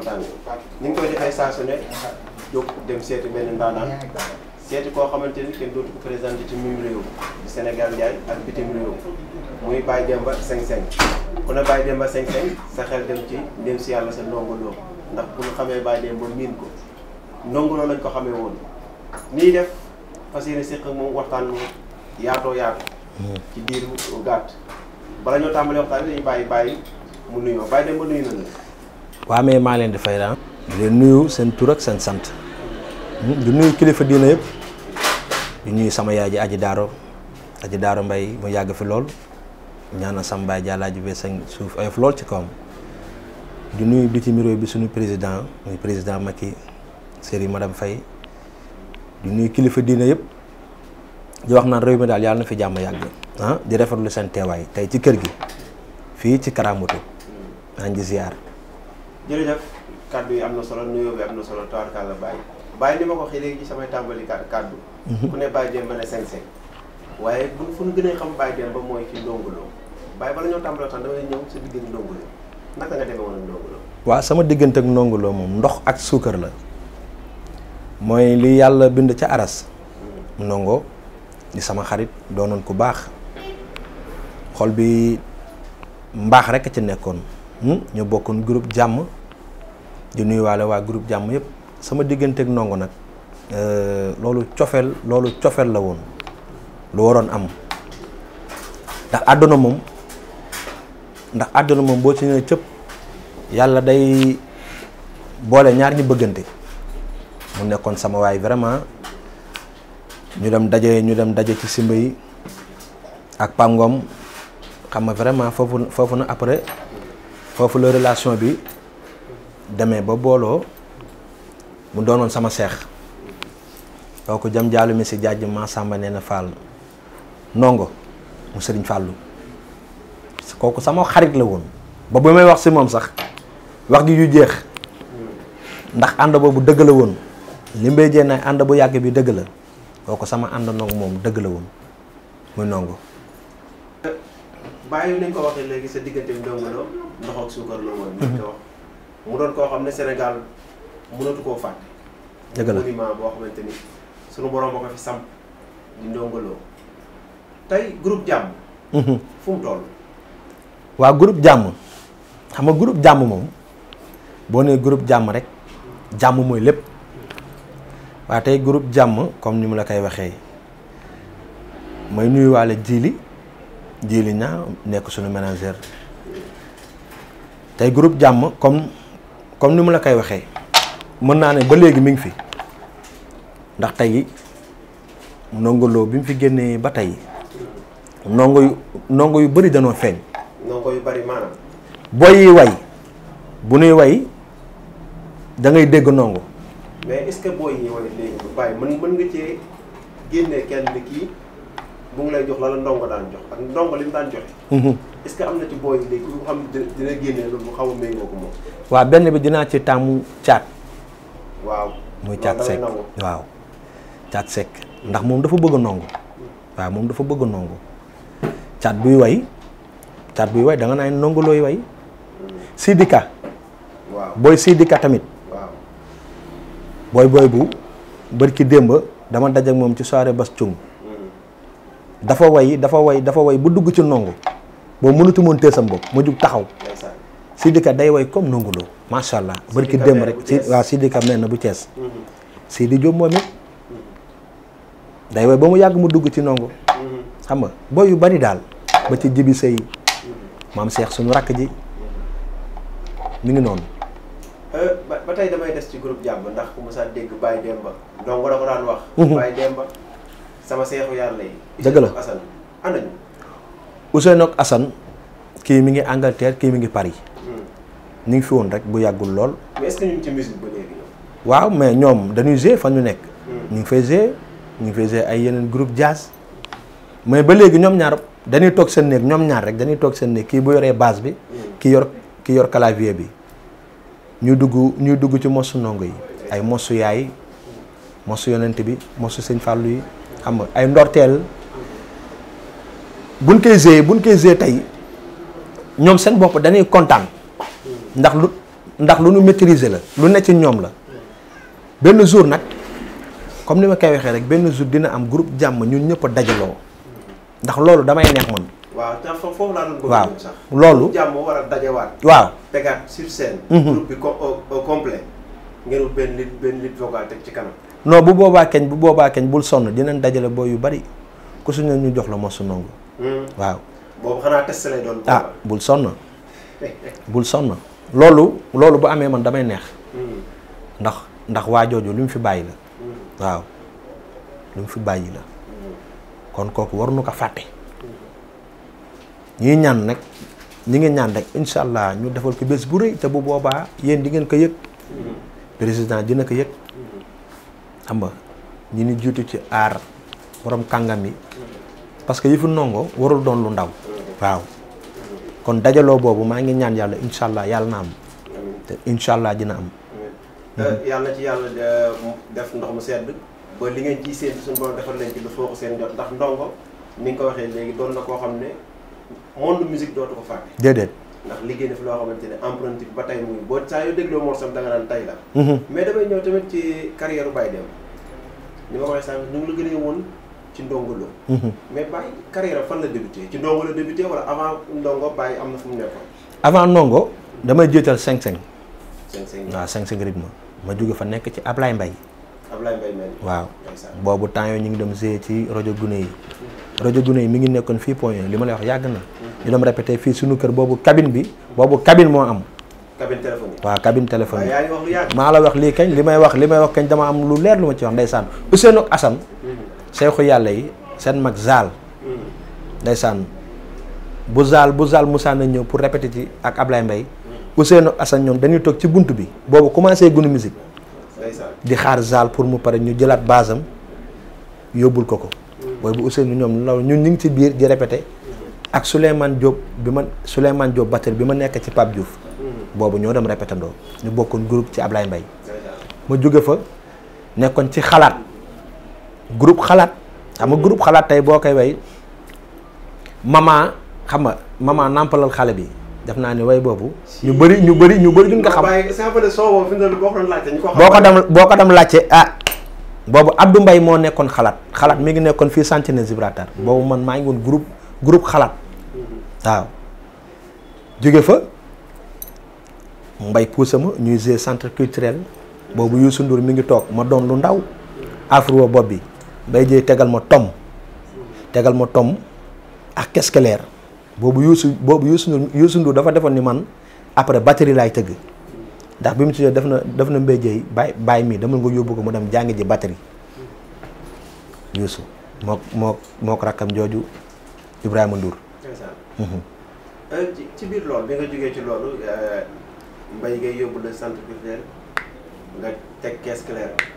kontaan ni nga koy defee saa su ne jóg dem seeti benn ndaanaan seeti koo xamante ni kenn dootu ko présenté ci mim réew du Sénégal Ndiaye ak bitim réew muy Baye Demba 5-5 ku ne Baye Demba 5-5 sa xel dem ci ndem si yàlla sa ndongo loo ndax bu ñu xamee Baye Demba miin ko ndongo loo lañ ko xamee woon nii def fas yéene séq moom waxtaan mu yaatoo yaatu hmm. ci diiru gàtt bala ñoo tàmbalee waxtaan bi dañu bàyyi bàyyi mu nuyoo Baye Demba nuyu na la waa mais maa leen di fay la di leen nuyu seen tur ak seen sant hmm, di nuyu kilifa diina yëpp di nuyu sama yaay ji aji daaro aji daaro mbay mu yàgg fi lool ñaanal sama baay jàllaa ji sañ suuf ayof lool ci kawam di nuyu bitim réew bi suñu président muy président Macky ma madame fay di nuyu kilifa diina yëpp di wax naan réew mi daal yàlla na fi jàmm yàgg ah di rafetlu seen teewaay tey ci kër gi fii ci Karamoto maa ngi ziar. jërëjëf kàddu yi am na solo nuyoo bi am na solo tawarkàlla bàyyi bàyyi li ma ko waxee léegi ci samay tàmbali kàddu mhm. ku ne bàyyi dem ba ne sensé waaye bu fu ñu gën a xam bàyyi ba mooy ci ndongoloo bàyyi bala ñoo tàmbali waxtaan damay ñëw sa diggante ak ndongoloo waaw moom ndox ak suukar la mooy li yàlla bind ca aras mm. ndongo di sama xarit doo doonoon ku baax xol bi mbaax rek a ci nekkoon Hmm? ñu bokkoon groupe jàmm di nuyuwaale waa groupe jàmm yëpp sama diggante ak ndongo nag euh, loolu cofeel loolu cofeel la woon lu waroon am ndax àdduna moom ndax àdduna moom boo ci nee cëpp yàlla day boole ñaar ñi bëggante mu nekkoon sama waay vraiment ñu dem daje ñu dem daje ci simba yi ak pàngoom xam nga vraiment foofu foofu na après foofu la relation bi demee ba booloo mu doonoon sama seex kooku jam jaalu mi si jàjj Massamba nee na Fall ndongo mu sëriñ fàllu kooku sama xarit la woon ba ba may wax si moom sax wax gi yu jeex ndax ànd boobu dëgg la woon li mbay jee na ànd bu yàgg bi dëgg la kooku sama ànd ndong moom dëgg la woon muy ndongo ndox ak suukar la woon. mu doon koo xam ne senegal mënatu koo fàtte. dëgg la monument boo xamante ni sunu borom boo ko fi samp di ndongoloo tey groupe jàmm. Mhm. fu mu toll. groupe jàmm xam nga groupe jàmm moom boo nee groupe jàmm rek jàmm mooy lépp waa tey groupe jàmm comme ni mu la koy waxee may nuyuwaale Djily Djily ñaa nekk suñu manager. tey group jàmm comme comme ni mu la koy waxee mën naa ne ba léegi mi ngi fi ndax tey Ndongo Lo bi mu fi génnee ba tey ndongo yu ndongo yu bari danoo feeñ. ndongo yu bëri booy yi way bu nuy way da ngay dégg ndongo. mais est-ce que booy yi way mën mën nga cee génne kenn kii. bu mu lay jox la jox ndongo li mu daan joxe. Mhm. est-ce que xaw a méngoo ko moom. waaw benn bi dinaa ci tàmmu caat. waaw muy caat sekk ndax moom dafa bëgg a nongu waaw moom dafa bëgg a nongu caat buy way caat buy way da nga naan nongu looy way Sidika waaw booy Sidika tamit waaw booy booy bu bërki démb dama daj ak moom ci soirée bas cung dafa way dafa way dafa way bu dugg ci nongu boo mënatu moon tëye sam bopp ma jug taxaw Sidika day way comme Ndongo Lo macha allah barki démb rek si di Sidika na bu Cees mm-hmm. Sidi Diop moom it mm-hmm. day way ba mu yàgg mu dugg ci nongo mm-hmm. xam nga booy yu bari daal ba ci jibi say maam seex suñu rakk ji mi ngi noonu euh, ba tey damay des ci groupe jàmm ma sa dégg Baye Demba sama seexu yàlla yi. dëgg la Assane kii mi ngi Angleterre kii mi ngi Paris. ñu hmm. ngi fi woon rek bu yàggul lool. mais waaw mais ñoom dañuy gérer fan ñu nekk. Hmm. ñu ngi fay gérer ñu ngi ay yeneen groupe jazz. mais ba léegi ñoom ñaar dañuy toog seen néeg ñoom ñaar rek dañuy toog seen néeg kii bu yoree basse bi. Hmm. ki yor kii yor clavier bi. ñuy dugg ñuy dugg ci mosu ndongo yi. ay mosu yaay mosu yonent bi mosu seen Fallou yi. xam nga ay ndorteel buñ koy géyee buñ koy géyee tey ñoom seen bopp dañuy kontaan ndax lu ndax lu nu maîtriser la lu nekk ci ñoom la benn jour nag comme ni ma koy waxee rek benn jour dina am groupe jàmm ñun ñëpp a dajaloo ndax loolu damay neex man. waaw te foofu laa doon bëgg sax loolu jàmm war a dajawaat. waaw tegaat sur scène. Mhm. groupe benn lit benn lit vocal teg ci kanam. non bu boobaa keñ bu boobaa keñ bul sonn dinañ dajale booy yu bari ku suñu ñu jox la mosu nangu. Hmm. waaw. boobu xanaa test doon. ah bul sonn bul sonn loolu loolu bu amee man damay neex. Hmm. ndax ndax waa jooju lu mu fi bàyyi la. Hmm. waaw lu mu fi bàyyi la. kon kooku war nu ko fàtte. ñuy ñaan nag ñi ngeen ñaan rek incha allah ñu defal ko bés bu rëy te bu boobaa yéen di ngeen ko yëg. président dina ko yëg. xam nga ñi ñu ci aar borom kàngam yi parce que yëfu ndongo warul doon lu ndaw waaw kon dajaloo boobu maa ngi ñaan yàlla incha allah yàlla na am te incha allah dina am yàlla ci yàlla def ndox mu sedd ba li ngeen ciy séntu suñu borom defal leen ci lu foofu seen jot ndax ndongo ni nga ko waxee léegi doon na koo xam ne monde musique dootu ko fàtte déedéet ndax liggéey na fi loo xamante ne empreinte bi ba tey muy boo saa yoo dégloo morsam da nga naan tey ni ma ko waxee sànq ñu ngi la gënee woon ci Ndongo Lo mhm. mais Baye carrière fan la débuté ci Ndongo la débuté wala avant Ndongo Baye am na fu mu nekkoon. avant Ndongo damay jiital 5-5. 5-5 waaw 5-5 rythme ma jóge fa nekk ci Ablaye Mbaye. Ablaye Mbaye mel waaw boobu temps yooyu ñu ngi dem see ci rajo Gune yi. rajo Gune yi mi ngi nekkoon fii point e. li ma lay wax yàgg na. Mhm. ñu dem répété fii suñu kër boobu cabine bi. boobu cabine moo am. cabine téléphone yi waaw yi maa la wax lii kañ li may wax li may wax kañ dama am lu leer lu ma ci wax ndeysaan Ousseynou ak Assane mm-hmm. seexu yàlla yi seen mag Zal mm-hmm. ndeysaan bu Zal bu Zal Moussa na ñëw pour répéter ci ak Ablaye Mbaye Ousseynou ak Assane ñoom dañuy toog ci bunt bi boobu commencé gunu musique di xaar Zal pour mu pare ñu jëlaat basam yóbbul ko ko mm-hmm. booy bu Ousseynou ñoom law ñu ngi ci biir di répété ak Souleymane Diop bi ma Souleymane Diop batteur bi ma nekk ci Pape boobu ñoo dem répétandoo ñu bokkoon groupe ci ab lay mbay ma jóge fa nekkoon ci xalaat groupe xalaat xam nga groupe xalaat tey boo koy way maman xam nga maman nampalal xale bi def naa ne way boobu. ñu bari ñu bari ñu bëri duñ ko xam. waaye boo ko dem boo ko dem laajte ah. boobu Abdou Mbaye moo nekkoon xalaat xalaat mi ngi nekkoon fii Centenaire Gibraltar mm-hmm. boobu man maa ngi woon groupe groupe xalaat mm-hmm. waaw jóge fa. mbay pousse ma ñuy jouer centre culturel boobu Youssou Ndour mi ngi toog ma doon lu ndaw afro bopp bi mbay jëy tegal ma tom tegal ma tom ak keskeleer boobu Youssou boobu Youssou Ndour Youssou Ndour dafa defoon ni man après batterie laay tëgg ndax bi mu tuddee def na def na mbay jëy baay mii mi dama nga yóbbu ko mu dem jàngi ji batterie Youssou moo moo moo rakkam jooju Ibrahima Ndour. Mhm. Euh, ci mbay ngay yóbbu le centre culturel nga teg caisse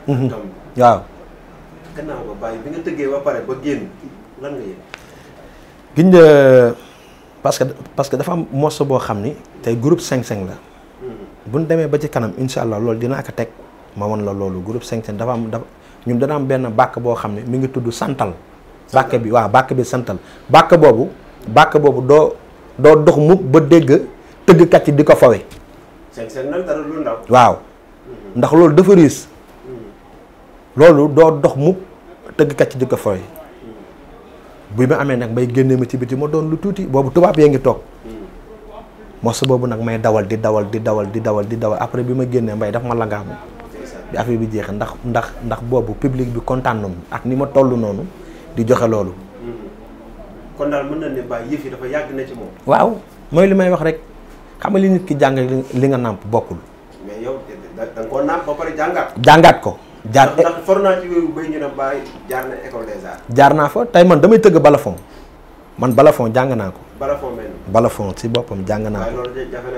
mhm. waaw. gannaaw ba bàyyi ba ba génn lan nga parce que parce que dafa am morceau boo xam ni te groupe cinq 5 la. Mhm. bu ñu demee ba ci kanam incha allah loolu dina ko teg ma won la loolu groupe 5-5 dafa am dafa ñun dana am benn bàkk boo xam ne mi ngi tudd santal. bàkk bi waaw bàkk bi santal bàkk boobu. bàkk boobu doo doo dox mu ba dégg tëggkat yi di ko fawe. seng-seng nag dara waaw ndax loolu dafa riis hmm. loolu doo dox mukk kat ci di ko fooy hmm. bu ma amee nag may génne ma ci biti ma doon lu tuuti boobu tubaab yee ngi toog hmm. mos boobu nag may dawal di dawal di dawal di dawal di dawal après bi ma génnee mbay daf ma langaam bi affaire bi jeexee ndax ndax ndax boobu public bi kontaan na ak ni ma toll noonu di joxe loolu. kon daal mën na ne mbay waaw mooy li may wax rek. xam nga li nit ki jàng li nga nàmp bokkul. mais yow da jàngaat. jàngaat ko. jaar ndax naa jaar na fa tey man damay tëgg balafon man balafon jàng naa ko. balafon benn si boppam jàng naa ko. loolu jafe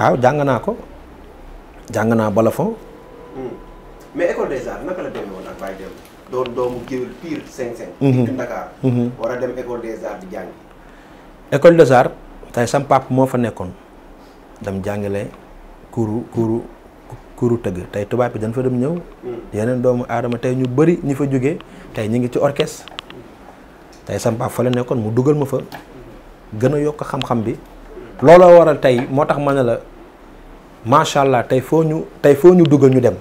waaw jàng naa ko jàng naa balafon. Hmm. mais école des arts naka la mhm. mhm. war a dem école moo fa nekkoon. dam jàngale kuuru kuuru kuuru tëgg tey tubaab bi dañ fa dem ñëw. Hmm. yeneen doomu aadama tey ñu bëri ñi fa jógee tey ñu ngi ci orchestre tey sama papa fa la nekkoon mu dugal ma fa gën a yokk xam-xam bi looloo waral tey moo tax ma ne la macha allah tey foo ñu tey foo ñu dugal ñu dem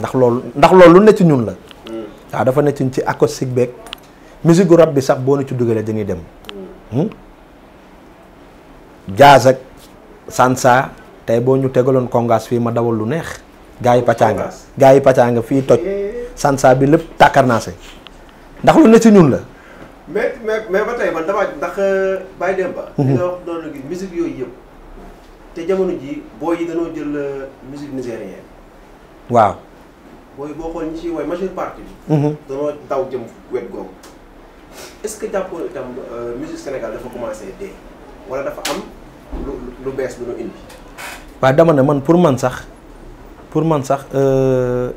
ndax loolu ndax loolu lu ne ci ñun la. Hmm. waaw dafa ne ci ci acoustique beeg musique gu rab bi sax boo na ci dugalee dañuy dem. Hmm. jazz Sansa tey boo ñu tegaloon kongaas fii ma dawal lu neex gaa yi pàccaanga gaa yi pàccaanga fii toj Sansa bi lépp tàkkarnaase ndax lu ne si ñun la mais mais mais ba tey man damaa ndax euh, Baye Demba mhm. li nga wax noonu gi musique yooyu yëpp te jamono ji booy yi dañoo jël euh, musique nigérienne waaw booy boo xool ñi ci way majeure partie bi mhm. dañoo daw jëm wet googu est-ce que jàppoon itam euh, musique Sénégal dafa commencé dee wala dafa am lu lu bees bu ñu man pour man sax pour man sax euh,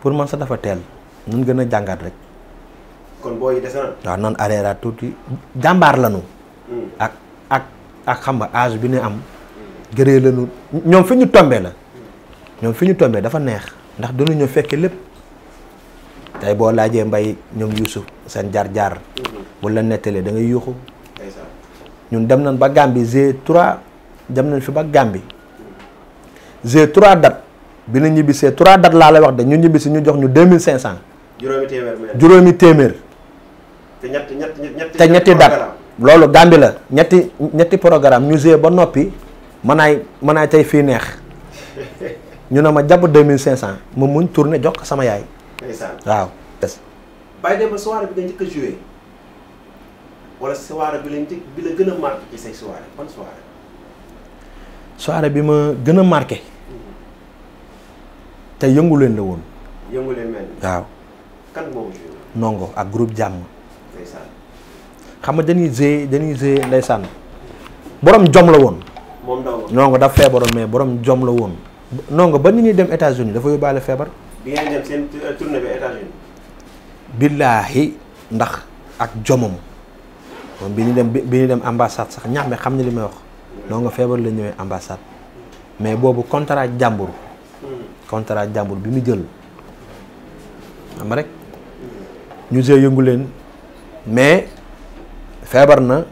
pour man sax dafa teel nun gën a jàngaat rek. kon booy yi des na. noonu arrêté tuuti jàmbaar lanu hmm. ak ak ak xam nga âge bi ñu am. gëree lañu ñoom fi ñu tombee la. ñoom fi ñu tombee dafa neex ndax dañu ñëw fekkee lépp tey boo laajee mbay ñoom Youssouf seen jaar-jaar. Hmm. bu la nettalee dangay yuuxu. ñun dem nañ ba Gambie G3 dem nañ fi ba Gambie G3 date bi na ñibbisee 3 date laa lay wax de ñu ñibbisi ñu jox ñu 2500. juróomi téeméer juróomi téeméer. te ñetti ñetti te ñetti date loolu Gambie la ñetti ñetti programme ñu G ba noppi manaay manaay tey fii neex ñu ne ma jàpp 2500 mu muñ tourné jox ko sama yaay. waaw. a wala soirée bi lañ bi la a marqué bi ma gën a marqué. Mm-hmm. te yënguleen leen la woon. waaw. nongo ak groupe jàmm. ndeysaan. xam nga dañuy gérer dañuy gérer sànn boroom jom la woon. moom nongo nongo daf feebaroon mais borom jom la woon. nongo ba ni ñuy dem états uni dafa yóbbaale feebar. bi ngeen dem seen euh, billaahi ndax ak jomam. moom bi ñu dem bi ñu dem ambassade sax ñax mi xam ne li may wax noo nga feebar la ñëwee ambassade mais boobu contrat jàmbur contrat jàmbur bi mu jël xam rek ñu see yëngu mais feebar na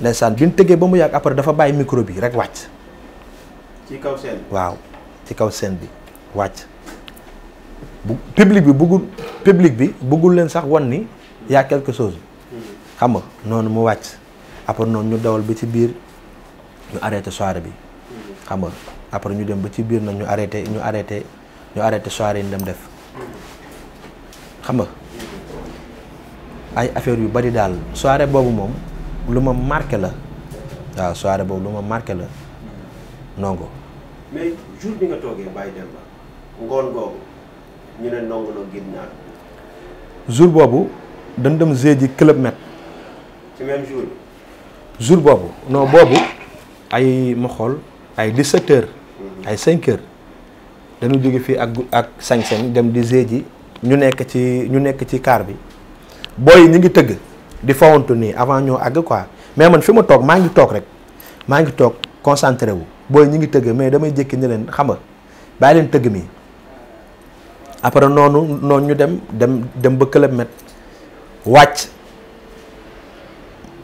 ndeysaan bi ñu tëggee ba mu yàgg après dafa bàyyi micro bi rek wàcc ci kaw waaw ci kaw seen bi wàcc bu public bi bëggul public bi bëggul leen sax wan ni y quelque chose xam nga noonu mu wàcc après noonu ñu dawal ba ci biir ñu arrêté soirée bi xam nga après ñu dem ba ci biir na ñu arrêté ñu arrêté ñu arrêté soirée yi ñu def xam nga ay affaire yu bari daal soirée boobu moom lu ma marqué la waaw soirée boobu lu ma marqué la nongo mais jour bi nga toogee ne jour boobu dañ dem jeu ji club met ci jour boobu non boobu ay ma ay 17 mhm. ay 5 heures dañu jóge fii ak ak sañ dem di géej ñu nekk ci ñu nekk ci car bi booy ñu ngi tëgg di fawantu nii avant ñoo àgg quoi mais man fi ma toog maa ngi toog rek maa ngi toog concentré wu booy ñu ngi tëgg mais damay jékki ne leen xam nga bàyyi leen tëgg mi après noonu noonu ñu dem dem dem ba kilomètre wàcc.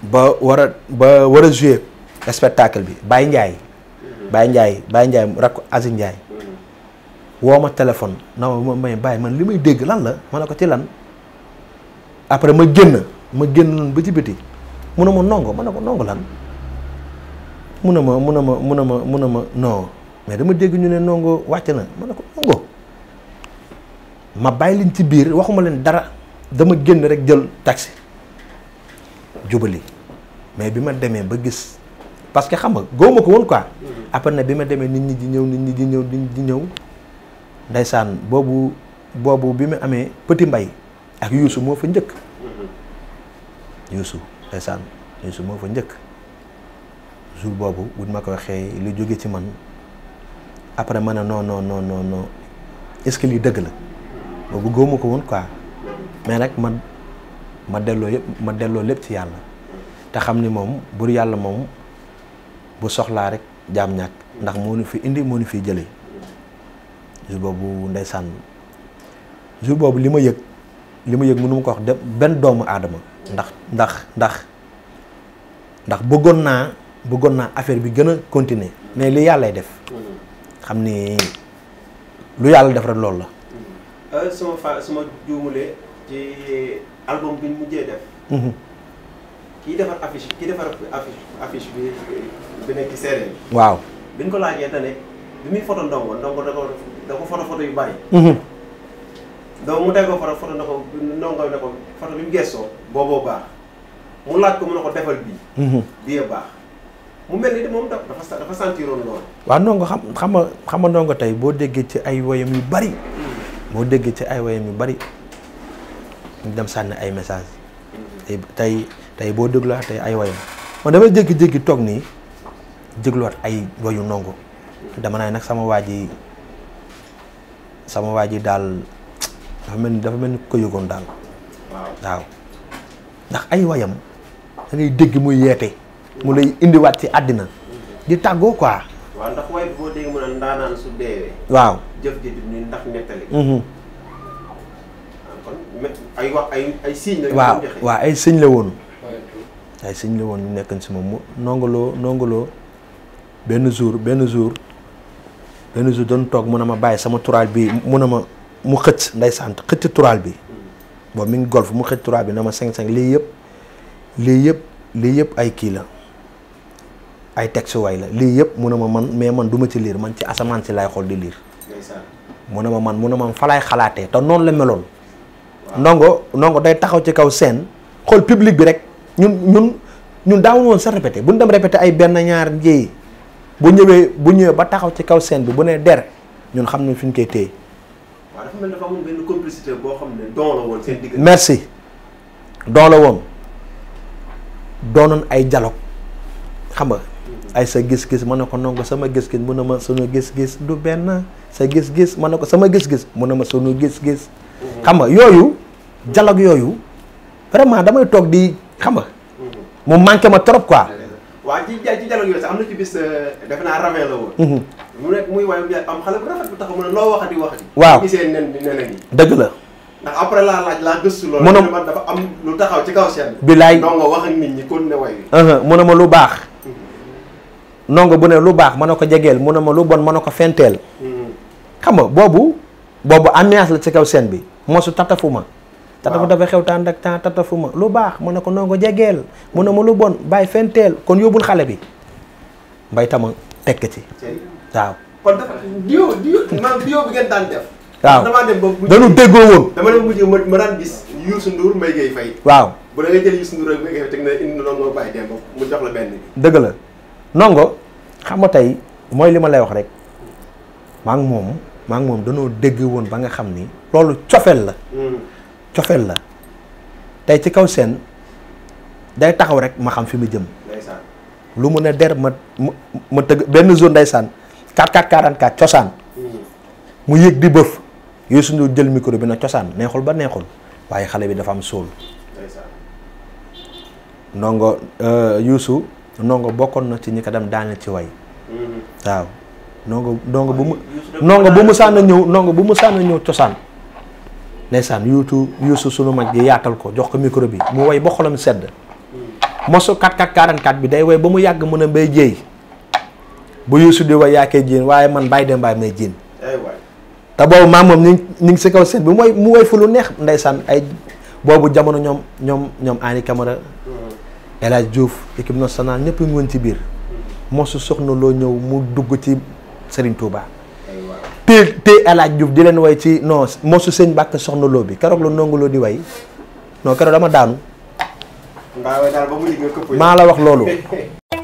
ba war a ba war a jouer spectacle bi Baye Ndiaye. Mhm. Baye Ndiaye Baye Ndiaye rakk asi Ndiaye. Mhm. woo ma téléphone na ma may bàyyi man li may dégg lan la ma ne ko ci lan après ma génn ma génn ba ci biti mu ne ma nongo ma ne ko nongo lan mu ne ma mu ne ma ma mu ma non mais dama dégg ñu ne nongo wàcc na ma ne ko bàyyi leen ci biir waxuma leen dara dama génn rek jël taxi. jubali mais bi ma demee ba gis parce que xam nga góoma ko woon quoi après na bi ma demee nit ñi di ñëw nit ñi di ñëw nit ñi di ñëw ndaysaan boobu boobu bi ma amee Petit Mbay ak Youssou moo fa njëkk Youssou ndaysaan Youssou moo fa njëkk jour boobu buñ ma ko waxee lu jóge ci man après man ne non non non non non dëgg la boobu góoma ko woon quoi mais nag ma delloo yëpp ma delloo lépp ci yàlla te xam ni moom bu yàlla moom bu soxlaa rek jaam ñàkk ndax moo ñu fi indi moo ñu fi jëlee jour boobu ndeysaan jour boobu li ma yëg li ma yëg mënu ma ko wax de benn doomu aadama ndax ndax ndax ndax bëggoon naa bëggoon naa affaire bi gën a continuer mais li yàllay def xam ni lu yàlla def rek loolu la. Euh, album bi ñu mujjee def. Mhm. kii defar affiche kii defar affiche bi bi nekk ci bi. waaw bi ñu ko laajee te ne bi muy foto ndongo ndongo da ko da foto foto yu bari. Mhm. donc mu teg ko foto foto na ko ndongo ne ko bi mu gëstoo booboo baax mu laaj ko mu ne ko defal bii. Mhm. bii baax mu mel ni moom dafa dafa sentiroon loolu. waaw ndongo xam xam xam nga ndongo tey boo déggee ci ay woyam yu bari. Mm. boo déggee ci ay woyam yu bari. ñu dem sànni ay message tey tey boo dégluwaat tey ay wayam man dama jékki-jékki toog nii dégluwaat ay wayu ndongo dama nag sama waa ji sama waa ji daal dafa mel ni dafa mel ni ko yëgoon daal. waaw ndax ay wayam da ngay dégg muy yeete. mu lay indiwaat ci àddina. di tàggoo quoi. waaw ay wax ay ay signe la. woon. ay signe la woon ñu nekkoon suma moom mu nongaloo nongaloo benn jour benn jour benn jour doon toog mun a ma bàyyi sama turaal bi mun a ma mu xëcc ndeysaan xëcc turaal bi. boobu mi ngi golf mu xëcc turaal bi na ma 5 lii yëpp lii yëpp lii yëpp ay kii la. ay texte waay la lii yëpp mun na ma man mais man duma ci liir man ci asamaan si laay xool di liir. mun na ma man mun na ma man fa xalaatee te noonu la meloon. ndongo ndongo day taxaw ci kaw seen xool public bi rek ñun ñun ñun daawul woon sa répété bu ñu dem répété ay benn ñaar njéey bu ñëwee bu ñëwee ba taxaw ci kaw seen bi bu nee der ñun xam ñu fi ñu koy téye. waaw dafa mel dafa amoon benn boo xam la woon seen diggante. ay dialogue xam nga. ay sa gis-gis mën na ko nangu sama gis-gis mun na ma sunu gis-gis du benn sa gis-gis mën na ko sama gis-gis na ma sunu gis-gis. xam nga yooyu dialogue yooyu vraiment damay toog di xam nga mu manqué ma trop quoi. waaw ci ja am na ci bis euh, naa ravin mhm. mu nekk muy waaye am xale bu rafet bu taxaw mu ne loo waxati waxati. waaw gisee nen dëgg la. ndax après laa laaj laa gëstu loolu. dafa am lu taxaw ci kaw seen. bilaay ndongo wax ak nit ñi kon ne ma lu baax. Mhm. ndongo bu ne lu baax mën na ko jegeel mu ne ma lu bon mën a ko fenteel. Mhm. xam nga boobu boobu ambiance la ci kaw seen bi. mosu tatafuma tatafu dafa xew taan ak temps tatafuma lu baax mën na ko nongo jegeel mën na ma lu bon bàyyi fenteel kon yóbbul xale bi mbay tama tekk ci waaw kon dafa diw diw maanaam diw bi ngeen déggoo woon dama dem mujj ma daan gis Youssou Ndour Mbaye Gueye Faye waaw bu da ngay jël Youssou Ndour jox la benn dëgg la nongo xam ma tey mooy li ma lay wax rek maa ngi moom maa ngi moom danoo dégg woon ba nga xam ni loolu cofeel la mm. cofeel la tey ci kaw seen day taxaw rek ma xam fi mu jëm lu mu ne der ma ma tëgg benn zone ndeysaan 4444 cosaan mm. mu yëg di bëf yooyu suñu jël micro bi cosaan neexul ba neexul waaye xale bi dafa am sóol ndongo euh, yuusu ndongo bokkoon na ci ñi ko dem daane ci way mm. waaw ndongo ndongo bu mu ndongo bu mu sànn ñëw ndongo bu mu sànn ñëw cosaan ndeysaan yuutu yuusu sunu mag ji yaatal ko jox ko micro bi mu woy ba xolam sedd hmm. mosu 4444 bi day woy ba mu yàgg mën a bay jéey bu yuusu di woy yaa koy jéen waaye man bàyyi dem bàyyi may jéen te boobu maam moom ñu ngi si kaw seen bi mooy mu woy fu lu neex ndeysaan ay boobu jamono ñoom ñoom ñoom Ani Camara hmm. El Hadj Diouf équipe nationale ñëpp ñu ci biir hmm. mosu soxna loo ñëw mu dugg ci Serigne Touba. téye téye El Hadj di leen way ci non mosu sëñ bàkk soxna loo bi keroog la Ndongo Lo di way non keroog dama daanu. maa la wax loolu.